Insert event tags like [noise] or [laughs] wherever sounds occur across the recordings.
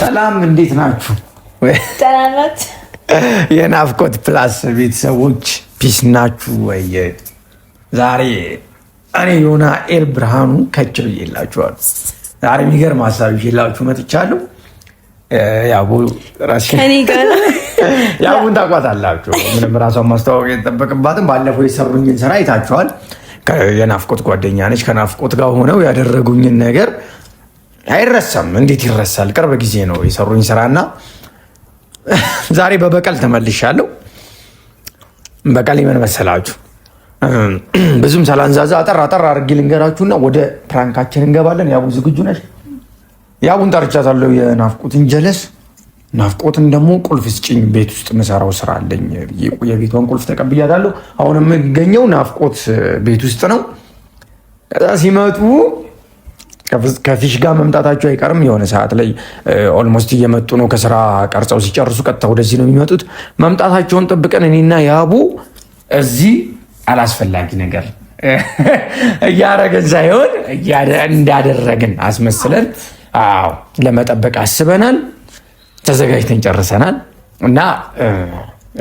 ሰላም እንዴት ናችሁ? የናፍቆት ፕላስ ቤተሰቦች ፒስ ናችሁ ወይ? ዛሬ እኔ የሆነ ኤል ብርሃኑ ከች ብዬላችኋል። ዛሬ የሚገርም ሀሳብ ይዤላችሁ መጥቻለሁ። ያው ራሴ ከኔ ጋር [laughs] ያቡን ታውቋታላችሁ። ምንም ራሷን ማስተዋወቅ የጠበቅባትም ባለፈው የሰሩኝን ስራ አይታችኋል። የናፍቆት ጓደኛ ነች። ከናፍቆት ጋር ሆነው ያደረጉኝን ነገር አይረሳም። እንዴት ይረሳል? ቅርብ ጊዜ ነው የሰሩኝ ስራና [laughs] ዛሬ በበቀል ተመልሻለሁ። በቀል ምን መሰላችሁ? [clears throat] ብዙም ሰላንዛዛ አጠር አጠር አድርጌ ልንገራችሁና ወደ ፕራንካችን እንገባለን። ያቡ ዝግጁ ነች? ያቡን ጠርቻታለሁ። የናፍቁት እንጀለስ ናፍቆትን ደግሞ ቁልፍ ስጭኝ፣ ቤት ውስጥ የምሰራው ስራ አለኝ። የቤቷን ቁልፍ ተቀብያታለሁ። አሁን የምገኘው ናፍቆት ቤት ውስጥ ነው። ከዛ ሲመጡ ከፊሽ ጋር መምጣታቸው አይቀርም። የሆነ ሰዓት ላይ ኦልሞስት እየመጡ ነው። ከስራ ቀርጸው ሲጨርሱ ቀጥታ ወደዚህ ነው የሚመጡት። መምጣታቸውን ጠብቀን እኔና ያቡ እዚህ አላስፈላጊ ነገር [laughs] እያረግን ሳይሆን እንዳደረግን አስመስለን አዎ ለመጠበቅ አስበናል። ተዘጋጅተን ጨርሰናል እና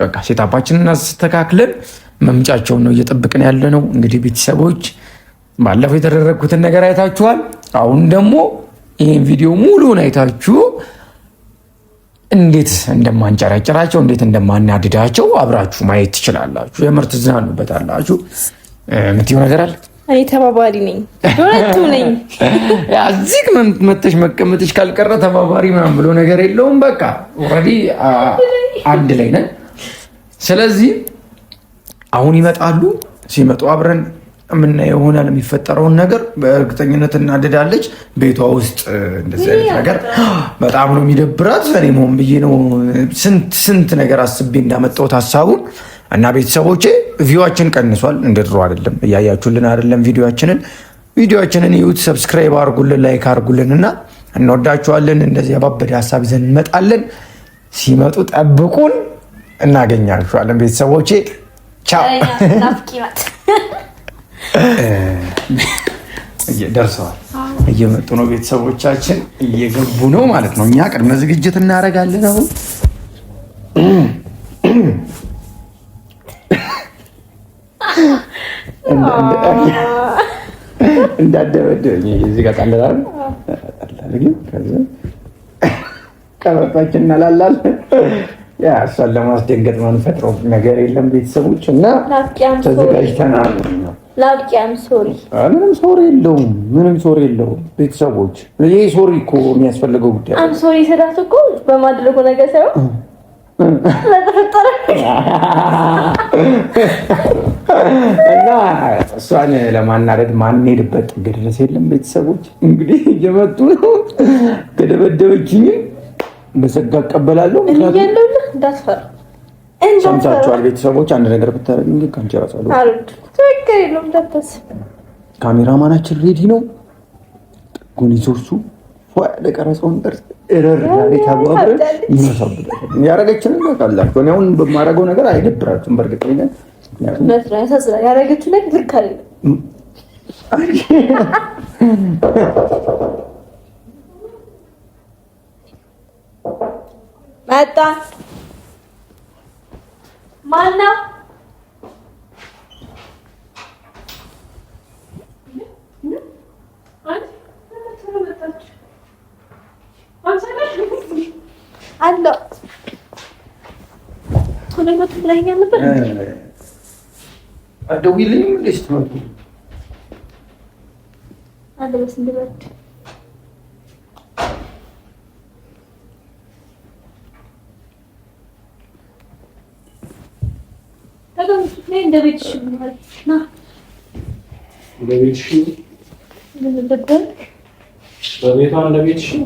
በቃ ሴታፓችን አስተካክለን መምጫቸውን ነው እየጠብቅን ያለ ነው። እንግዲህ ቤተሰቦች ባለፈው የተደረግኩትን ነገር አይታችኋል። አሁን ደግሞ ይህን ቪዲዮ ሙሉን አይታችሁ እንዴት እንደማንጨራጨራቸው እንዴት እንደማናድዳቸው አብራችሁ ማየት ትችላላችሁ። የምርት ትዝናኑበታላችሁ። የምትይው ነገር አለ እኔ ተባባሪ ነኝ፣ ሁለቱ ነኝ። [laughs] እዚህ መተሽ መቀመጥሽ ካልቀረ ተባባሪ ምናምን ብሎ ነገር የለውም። በቃ ኦልሬዲ አንድ ላይ ነን። ስለዚህ አሁን ይመጣሉ። ሲመጡ አብረን የምናየው ይሆናል። የሚፈጠረውን ነገር በእርግጠኝነት እናድዳለች። ቤቷ ውስጥ እንደዚህ አይነት ነገር በጣም ነው የሚደብራት። እኔ ሆን ብዬ ነው ስንት ስንት ነገር አስቤ እንዳመጣሁት ሀሳቡን እና ቤተሰቦቼ ቪዋችን ቀንሷል። እንደ ድሮ አይደለም፣ እያያችሁልን አይደለም። ቪዲዮችንን ቪዲዮችንን ዩት ሰብስክራይብ አርጉልን፣ ላይክ አርጉልን እና እንወዳችኋለን። እንደዚህ ያባበደ ሀሳብ ይዘን እንመጣለን። ሲመጡ ጠብቁን፣ እናገኛችኋለን ቤተሰቦቼ። ቻው። ደርሰዋል፣ እየመጡ ነው ቤተሰቦቻችን፣ እየገቡ ነው ማለት ነው። እኛ ቅድመ ዝግጅት እናደርጋለን አሁን እንዳደበደበኝ እዚህ ጋር ጣለላል ቀበጣችን እናላላል። ያ እሷን ለማስደንገጥ መንፈጥሮ ነገር የለም ቤተሰቦች እና ተዘጋጅተናል። ሶሪ ምንም ሶሪ የለውም፣ ምንም ሶሪ የለውም ቤተሰቦች። ይህ ሶሪ እኮ የሚያስፈልገው ጉዳይ አም ሶሪ ስላት እኮ በማድረጉ ነገር ሳይሆን እና እሷን ለማናደድ ማንሄድበት ጥግ ድረስ የለም። ቤተሰቦች እንግዲህ እየመጡ ነው። ከደበደበችኝም በሰጋ እቀበላለሁ። ሰምታችኋል ቤተሰቦች። አንድ ነገር ብታደርግ ከአንቺ ራሱ ካሜራማናችን ሬዲ ነው። ጎን ይዞርሱ ያለ ቀረጸውን ጥርስ እረርዳል ተባብረን ይመሳብላል። ያረገችን ታውቃላችሁ። እኔ አሁን በማረገው ነገር አይደብራችሁም? በእርግጠኝነት ያረገችው መጣ ማነው? Ando. Ano ba ito lang yan na ba? Ada willing mo list Adı Ada ba sa dibat? Tagang ne David Şun var? Na. David Şun. David Şun. David Şun.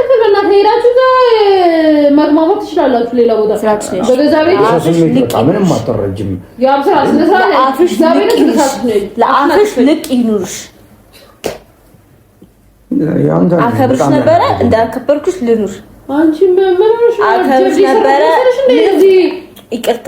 እናንተ ሄዳችሁ መግባባት ትችላላችሁ። ሌላ ቦታ በገዛ ቤት ምንም አትረጅም። ለአፍሽ ልቅ ይኑርሽ። አከብርሽ ነበረ እንዳከበርኩሽ ልኑር። አንቺ አከብርሽ ነበረ። ይቅርታ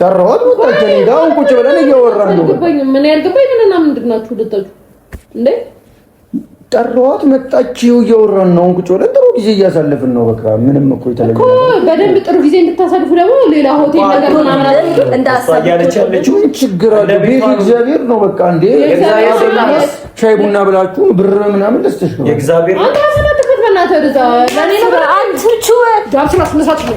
ጠራሁት። ወጣችሁ እኔ ጋር አሁን ቁጭ ብለን እያወራን ነው። ምን ያርግበኝ? ምን እና ምንድን ናችሁ ሁለታችሁ እንዴ? ጠራኋት፣ መጣች። እያወራን ነው አሁን ቁጭ ብለን ጥሩ ጊዜ እያሳለፍን ነው። በቃ ምንም እኮ የተለየ በደንብ ጥሩ ጊዜ እንድታሳልፉ ደግሞ ሌላ ሆቴል ነገር ምናምን እንዳሳያለቻለችሁ ችግር አለ። ቤት እግዚአብሔር ነው። በቃ እንዴ ሻይ ቡና ብላችሁ ብር ምናምን ደስተሽ ነው እግዚአብሔር አንተ አስመጥበት በእናትህ ወደዛ ለኔ ነው አንቺ ቹ ዳብስ ማስነሳት ነው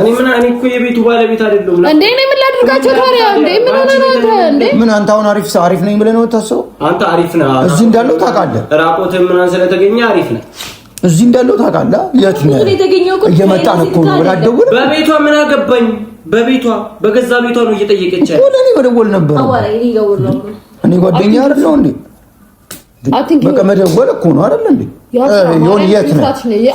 እኔ ምን እኔ እኮ የቤቱ ባለቤት አይደለም እንዴ? እኔ ምን ላድርጋቸው ታዲያ? ምን አንተ አሁን አሪፍ አሪፍ ነኝ ብለህ ነው የምታስበው? አንተ አሪፍ ነህ እዚህ እንዳለው ታውቃለህ። ራቆትህ ምናምን ስለተገኘ አሪፍ ነህ እዚህ እንዳለው ታውቃለህ። የት ነህ እየመጣን እኮ ነው ብላ አትደውልም። በቤቷ ምን አገባኝ? በቤቷ በገዛ ቤቷ ነው እየጠየቀች ያለ እኔ መደወል ነበር። እኔ ጓደኛ አይደለሁ እንዴ? በቃ መደወል እኮ ነው አይደል እንዴ? የት ነህ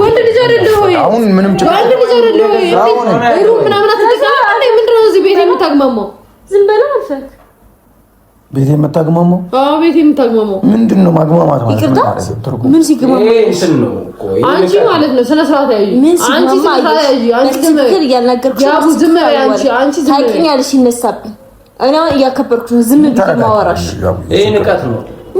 ወንድ ልጅ አይደለ ወይ? አሁን ምንም ወንድ ልጅ አይደለ ወይ? አንዴ። ነው እዚህ ቤት የምታግማማው? ዝም በለው አንፈት ቤት የምታግማማው? አዎ ቤት ምንድን ነው ማግማማት ማለት ነው? ምን አንቺ ማለት ነው። ስነ ስርዓት ያዩ አንቺ ያዩ አንቺ ዝም አንቺ አንቺ ዝም ይነሳብኝ እኔ እያከበርኩሽ ዝም ብዬሽ ማወራሽ ይሄ ንቀት ነው።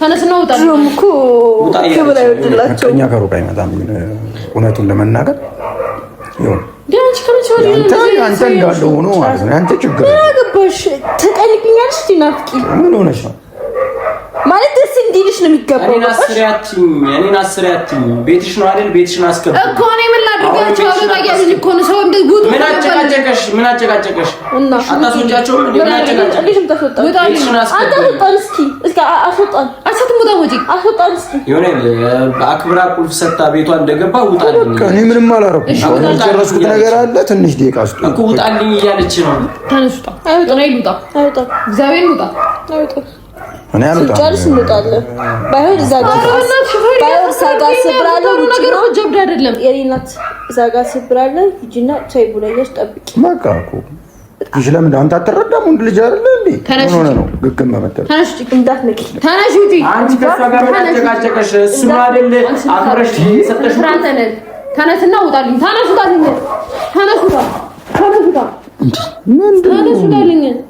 ተነስና ውጣ። ከሩቅ አይመጣም። እውነቱን ለመናገር ይሁን አንተ እንዳለው ሆኖ ማለት ነው። አንተ ችግር ምን ሆነሽ ነው ማለት እንዲልሽ ነው የሚገባው። እኔን አስሪያትኝ እኔን አስሪያትኝ ቤትሽ ነው አይደል? ቤትሽን አስገባኝ እኮ እኔ ምን ላድርጋቸው? ምን አጨቃጨቀሽ? አታስወጫቸውም? ምን አጨቃጨቀሽ? አክብራ ቁልፍ ሰታ ቤቷ እንደገባ ውጣልኝ። እኔ ምንም አላደረኩም። አሁን የጨረስኩት ነገር አለ። ትንሽ ደቂቃ ስጡ እኮ ውጣልኝ እያለች ነው። ተነስ ውጣ። አይወጣም። እግዚአብሔር ውጣ እኔ አልወጣም፣ እንወጣለን። ባይሆን እዛ ጋር ቻይ ጠብቂ። ለምን አንተ አትረዳም? ወንድ ልጅ እንዴ? ነው ግግም አንቺ ጋር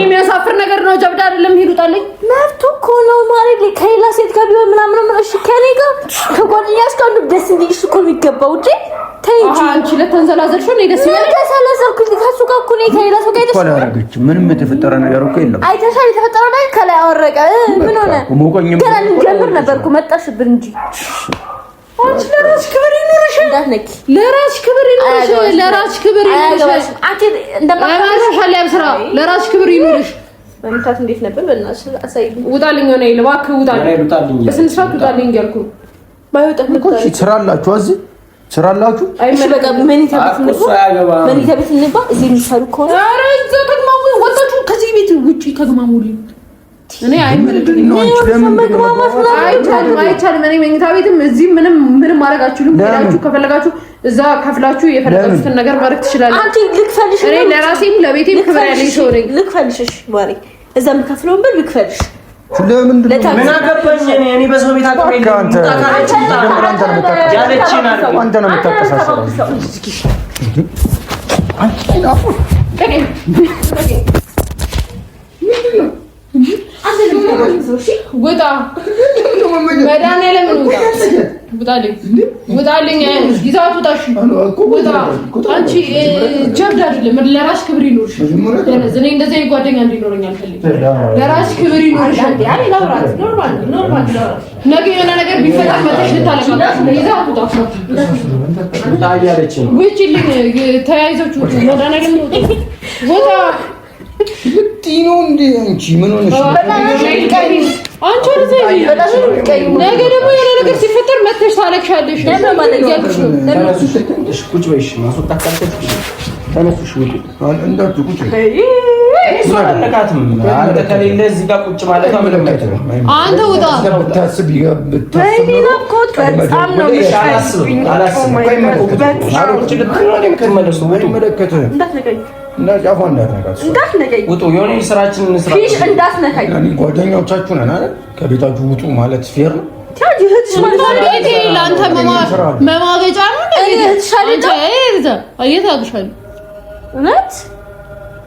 የሚያሳፍር ነገር ነው። ጀብድ አይደለም። ሄዱጣለኝ መብቱ እኮ ነው ማለት ከሌላ ሴት ጋር ቢሆን ምናምን ነው። እሺ ከኔ ጋር ከጓደኛሽ ጋር ነው ደስ እንዲልሽ እኮ የሚገባው እንጂ ተይ አንቺ ለተንዘላዘልሽ ነው ደስ ይላል። ተሰላዘልኩ ከሱ ጋር እኮ ነው። ከሌላ ሰው ጋር ደስ ይላል። ምንም የተፈጠረ ነገር እኮ የለም። አይተሻል። የተፈጠረ ነገር ከላይ አወረቀ ምን ሆነ? ገና ልንጀምር ነበር መጣሽብን እንጂ ለራስሽ ክብር ይኑርሽ። ለራስሽ ክብር ይኑርሽ። አንቺ ስራ ለራስሽ ክብር ይኑርሽ። መምታት እንዴት ነበር? በእናትሽ አሳይልኝ። ውጣልኝ፣ ሆነ እባክህ ውጣልኝ፣ በስንት ሰዓት ውጣልኝ እያልኩ ስራ አላችሁ እዚህ ስራ አላችሁ። ከዚህ ቤት ውጪ ተግማሙልኝ እኔ አይቻልም አይቻልም። እኔ መኝታ ቤትም እዚህ ምንም ምንም ማድረግ አችሉም። ሄዳችሁ ከፈለጋችሁ እዛ ከፍላችሁ የፈለጋችሁትን ነገር ማድረግ ትችላለች። እኔ ለራሴም ለቤቴም ክብር ያለኝ ሰው ነኝ። ልክፈልሽሽ ባሪ እዛ የምከፍለውን ብር ልክፈልሽ። ለምንድን ነው ውጣ መድኃኒዓለም ውጣ ውጣልኝ። ይዛት ውጣ ውጣ። አንቺ ጀብድ አይደለም፣ ነገር ቢፈጠር ልትይኑ እንዴ? አንቺ ምን ሆነሽ? ነገ ደግሞ የሆነ ነገር ሲፈጠር መተሽ ታለቅሻለሽ። ተነሱሽ ውጡ። እንዳትሉ ቁጭ አንተ ከሌለ እዚህ ጋር ቁጭ ማለት አንተ ውጣ። ብታስብ በጣም ነው የሚሻለው። ጓደኞቻችሁ ነን ከቤታችሁ ውጡ ማለት ፌር ነው። መማገጫ ነው።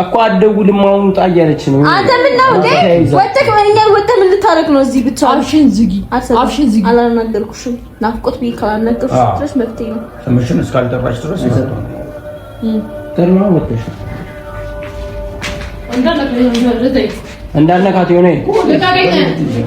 እኮ አትደውልም። አሁን ውጣ እያለች ነው። አንተ ምን ነው እንዴ? ወጥተህ እኛ ወጥተህ ምን ልታረግ ነው እዚህ ብቻ? አፍሽን ዝጊ፣ አፍሽን ዝጊ። አላናገርኩሽም። ናፍቆት ብዬሽ ካላናገርኩሽ ድረስ መፍትሄ ነው። ትምህርትሽን እስካልጠራሽ ድረስ ይሰጣል። እንዳልነካት የሆነ ልቀቀኝ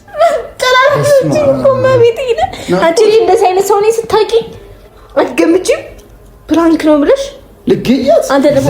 እንደዚህ አይነት ሰው ስታቂ አትገምችም። ፕራንክ ነው ብለሽ ልገያት አንተ ደግሞ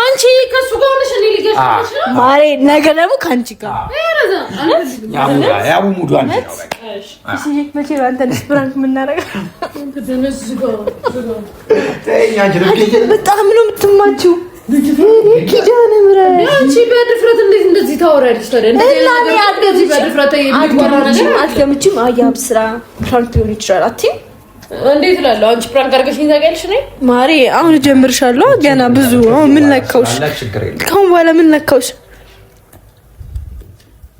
አንቺ ከሱ ጋር ሆነሽ እኔ ልገሽ ማሬ፣ ነገ ደግሞ ከአንቺ ጋር ያው ነው። ብራንክ የምናደርገው? በጣም የምትማችው። ኪዳነ ምሕረት አንቺ በድፍረት እንደዚህ ታወራለች? ይችላል እንዴት እላለሁ? አንቺ ፕራንክ አድርገሽኝ ታውቂያለሽ? እኔ ማሪ አሁን ጀምርሻለሁ። ገና ብዙ አሁን ምን ነካውሽ? ከአሁን በኋላ ምን ነካውሽ?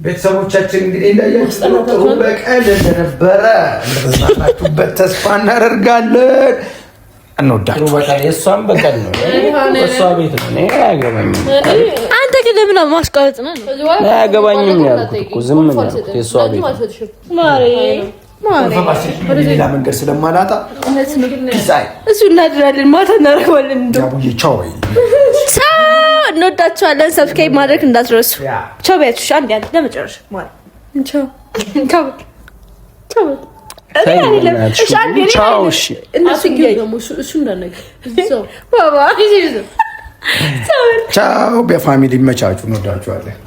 ቤተሰቦቻችን እንግዲህ እንዳያችሁ ጥሩ በቀል እንደነበረ እንደተዝናናችሁበት ተስፋ እናደርጋለን። እንወዳችሁ። የእሷም በቀል ነው፣ እሷ ቤት ነው። አያገባኝም። አንተ ግን ለምን ማስቀረጽ ነው? አያገባኝም ያልኩት ዝም ነው። የእሷ ቤት ነው። ሌላ መንገድ ስለማላጣ እሱ እናድራለን። ማታ እናደርገዋለን። እንወዳችኋለን። ሰብስክራይብ ማድረግ እንዳትረሱ። ቻው ቢያችሁ አንድ ያለ ለመጨረሻ ቻው ቢያ ፋሚሊ መቻችሁ። እንወዳችኋለን።